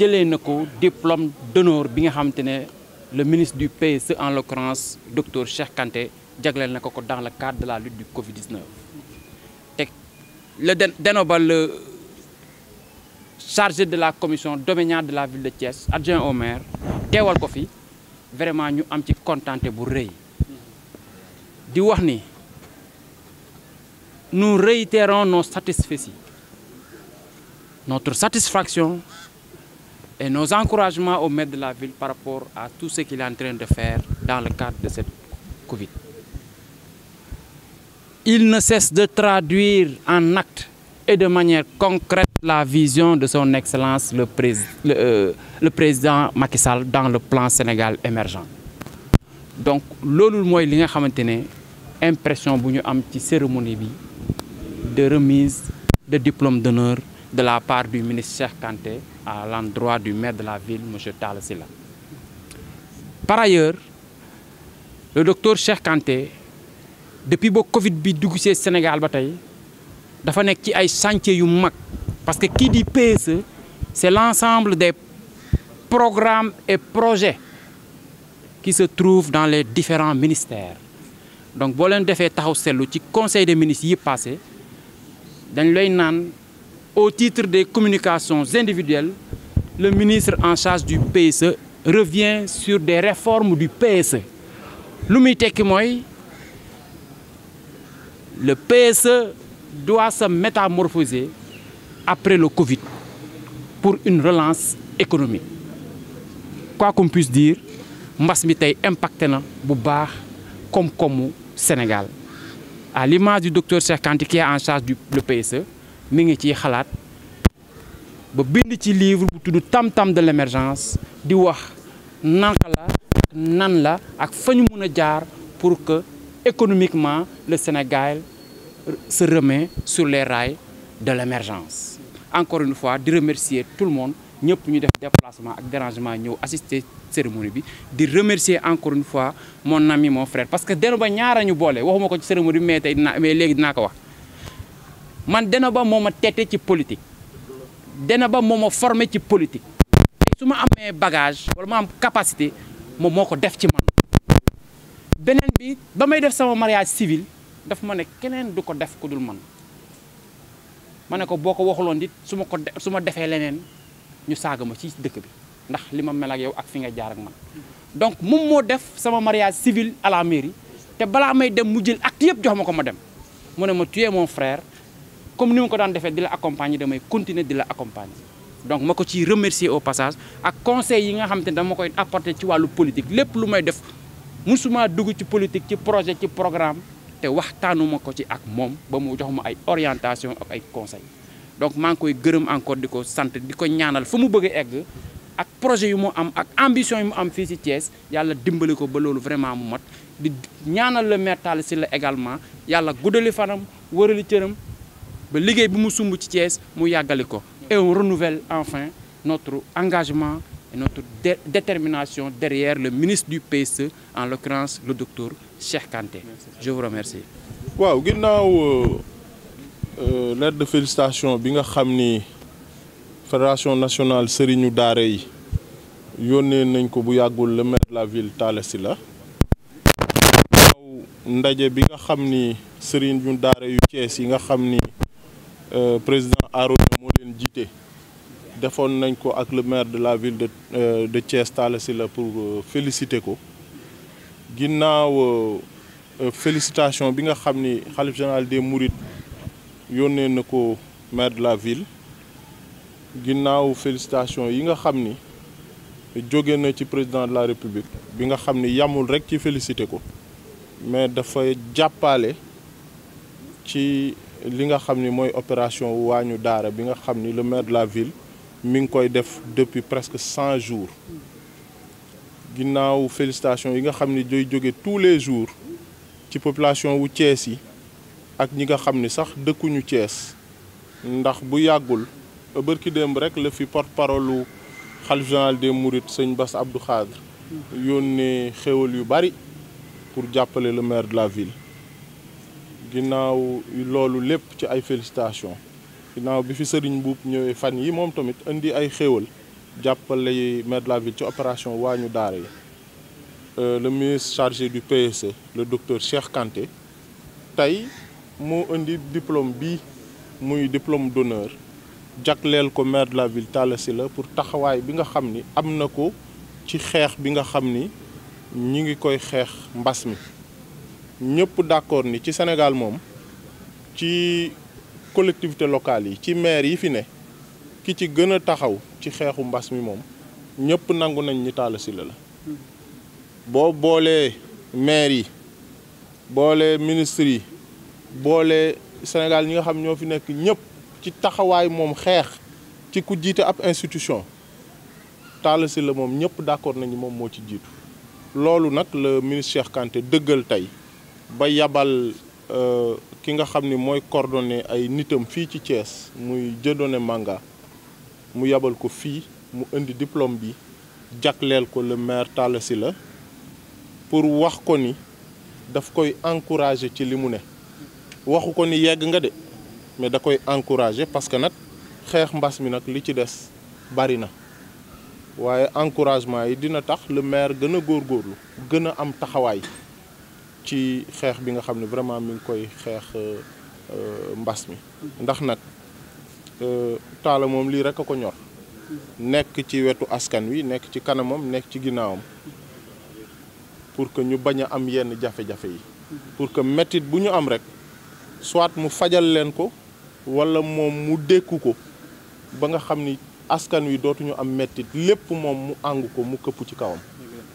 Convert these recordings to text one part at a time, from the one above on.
J'ai nako diplôme d'honneur bi nga le ministre du PSE en l'occurrence docteur Cheikh Kanté dans le cadre de la lutte du Covid-19 le Denoba chargé de la commission dominante de la ville de Thiès adjoint au maire téwal ko fi vraiment ñu am ci contenté bu di wax ni nous réitérons nos satisfaits notre satisfaction et nos encouragements au maire de la ville par rapport à tout ce qu'il est en train de faire dans le cadre de cette Covid. Il ne cesse de traduire en actes et de manière concrète la vision de son Excellence le, euh, président Macky Sall dans le plan Sénégal émergent. donc le que li impression cérémonie de remise de diplôme d'honneur de la part du ministre Cheikh Kanté à l'endroit du maire de la ville, M. Tal Par ailleurs, le docteur Cheikh Kanté, depuis le Covid bi au Sénégal il a dafa nek chantier parce que qui dit PSE c'est l'ensemble des programmes et projets qui se trouvent dans les différents ministères. Donc si vous avez taxaw seetlu ci conseil des ministres est passé dañ lay au titre des communications individuelles, le ministre en charge du PSE revient sur des réformes du PSE le PSE doit se métamorphoser après le Covid pour une relance économique quoi qu'on puisse dire mbas mi impacté na Sénégal à l'image du docteur Cheikh qui est en charge du PSE mi ngi ciy xalaat ba bind ci livre bu tudd Tam Tam de l'émergence di wax naka la nan la ak fañu mëna jaar pour que économiquement le Sénégal se remet sur les rails de l'émergence encore une fois di remercier tout le monde ñëpp ñu def déplacement ak dérangement ñëw assister cérémonie bi di remercier encore une fois mon ami mon frère parce que deno ba ñaara ñu boole waxuma ko ci cérémonie mais tey cérémonie, mais légui dina ko wax man dana ba moma tété ci politique dana ba moma formé ci politique suma amé bagage wala ma am capacité moom moko def ci man benen bi ba def sama mariage civil daf ma ne keneen du def kudul man mané ko boko waxulon dit suma ko suma ma lenen ñu saaga ci dëkk bi ndax lima mel ak yow ak fi nga jaar ak man donc moom mo def sama mariage civil à la mairie te bala may dem mu jël acte yépp jox mako ma dem mo né ma mon frère comme ni ma ko daan defee di la accompagner damay continuer di la accompagner donc ma ko ciy remercier au passage ak conseil yi nga xam te ne dama koy apporter ci wàllu politique lépp lu may def musuma dugg ci politique ci projet ci programme te waxtaanuma ko ci ak moom ba mu jox ma ay orientation ak ay conseil donc maa ngi koy gërëm encore di ko sant di ko ñaanal fu mu bëgg a egg ak projet yu mu am ak ambition yu mu am fii ci Thiès yàlla dimbali ko ba loolu vraiment mu mat di ñaanal le maire Talla Sylla également yàlla guddali fanam wërali cëram ba liggéey bi mu ci et on renouvelle enfin notre engagement et notre détermination derrière le ministre du PS e, en l'occurrence le docteur Cheikh Kanté je vous remercie Je euh, euh l'aide de félicitation bi nga fédération nationale sëriñu daara yi yónnee nañ ko bu le maire de la ville de Sylla ndaje bi nga xam ni sëriñu daara yu Thiès euh, président Arona moo leen jiite defoon nañ ko ak le maire de la ville de euh, de Thiès pour euh, féliciter ko ginnaaw Binga bi nga xam ni général des Mourides yónnee na maire de la ville ginnaaw félicitations. yi nga xam ni président de la république bi nga xam qui yamul rek ci féliciter ko mais ci li nga xam opération waañu bi nga le maire de la ville ming koy def depuis presque cent jours ginnaaw félicitations yi nga xamni ni jogé tous les jours ci population wu Thiès yi ak ñi nga xamni ni sax dëkkuñu Thiès ndax bu yagul barki demb rek le fi porte-parole Khalif général des Mourides sëñ Bass Abdou Khadre yónnee xéwal yu bari pour jàppale le maire de la ville ginnaaw loolu lépp ci ay félicitations ginnaaw bi fi Serigne Mboup ñëwee fan yi moom tamit indi ay xéewal jàppale maire de la ville ci opération waañu daara yi euh, le ministre chargé du PSE le docteur Cheikh Kanté tey moo diplôme bi muy diplôme d'honneur jagleel ko maire de la ville Talla Sylla pour taxawaay bi nga xam ni am na ko ci xeex bi nga ñi ngi koy mi ñëpp d'accord ni ci Sénégal moom ci collectivité locale yi ci maire yi fi ne ki ci gën a taxaw ci xeexu mbas mi moom ñëpp nangu nañ ni Talla Sylla la boo boolee maire yi boolee ministre yi boolee Sénégal ñi nga xam ñoo fi nekk ñëpp ci taxawaay moom xeex ci ku jiite ab institution Talla Sylla moom ñëpp d'accord nañu moom moo ci jiitu loolu nag la ministre Cheikh dëggal tey ba yabal euh, ki nga xam ni mooy coordonné ay nitam fii ci Thiès muy Dieudonné Manga mu yabal ko fii mu indi diplôme bi jagleel ko le maire Talla Sylla pour wax ko ni daf koy encourager ci li mu ne waxu ko ni yegg nga de mais da koy encourager parce que nag xeex mbas mi nag li ci des bari na waaye encouragement yi dina tax le maire gën a góorgóorlu gën a am taxawaay ci xeex bi nga xam ne vraiment mi ngi koy xeex euh, euh, mbas mi ndax nag euh, taala moom lii rek a ko ñor nekk ci wetu askan wi nekk ci kanamam nekk ci ginnaawam pour que ñu bañ a am yenn jafe-jafe yi pour que mettit bu ñu am rek soit mu fajal leen ko wala moom mu dékku ko ba nga xam ni askan wi dootuñu am mettit lépp moom mu àngu ko mu këppu ci kawam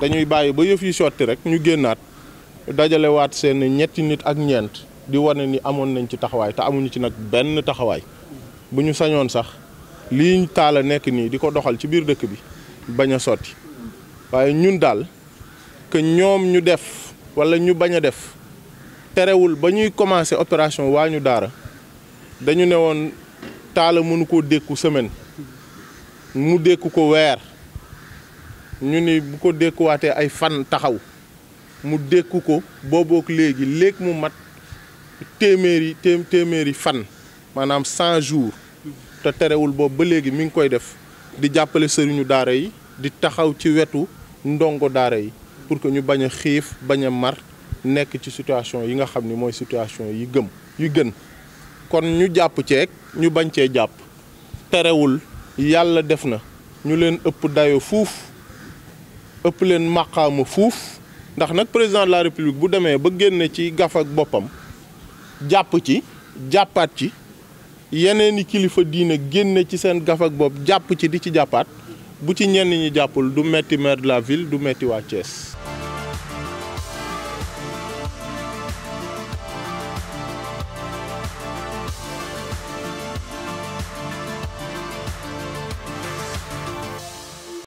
dañuy bàyyi ba yëf yi sotti rek ñu génnaat dajalewaat seen ñetti nit ak ñeent di wane ni amoon nañ ci taxawaay te amuñu ci nag benn taxawaay bu ñu sañoon sax lii taal a nekk nii di ko doxal ci biir dëkk bi bañ a sotti waaye ñun daal que ñoom ñu def walla ñu bañ a def terewul ba ñuy commencé opération waa ñu daara dañu ne woon taala mënu koo dékku semaine mu dékku ko weer ñu ni bu ko dékkuwaatee ay fan taxaw mu dékku ko boobook léegi léeg mu mat téeméeri téeméeri fan maanaam cent jours te terewul boobu ba léegi mi ngi koy def di jàppale sëriñu daara yi di taxaw ci wetu ndongo daara yi pour que ñu bañ a xiif bañ a mar nekk ci situation yi nga xam ni mooy situation yi gëm yu gën kon ñu jàpp ceeg ñu bañ cee jàpp terewul yàlla def na ñu leen ëpp dayo fuuf ëpp leen màqaama fuuf ndax nag président la république bu demee ba génne ci gaf boppam jàpp ci jàppaat ci yeneen i kilifa diine génne ci seen gafag ak bopp jàpp ci di ci jàppaat bu ci ñenn ñi jàppul du metti maire de la ville du metti waa Thiès.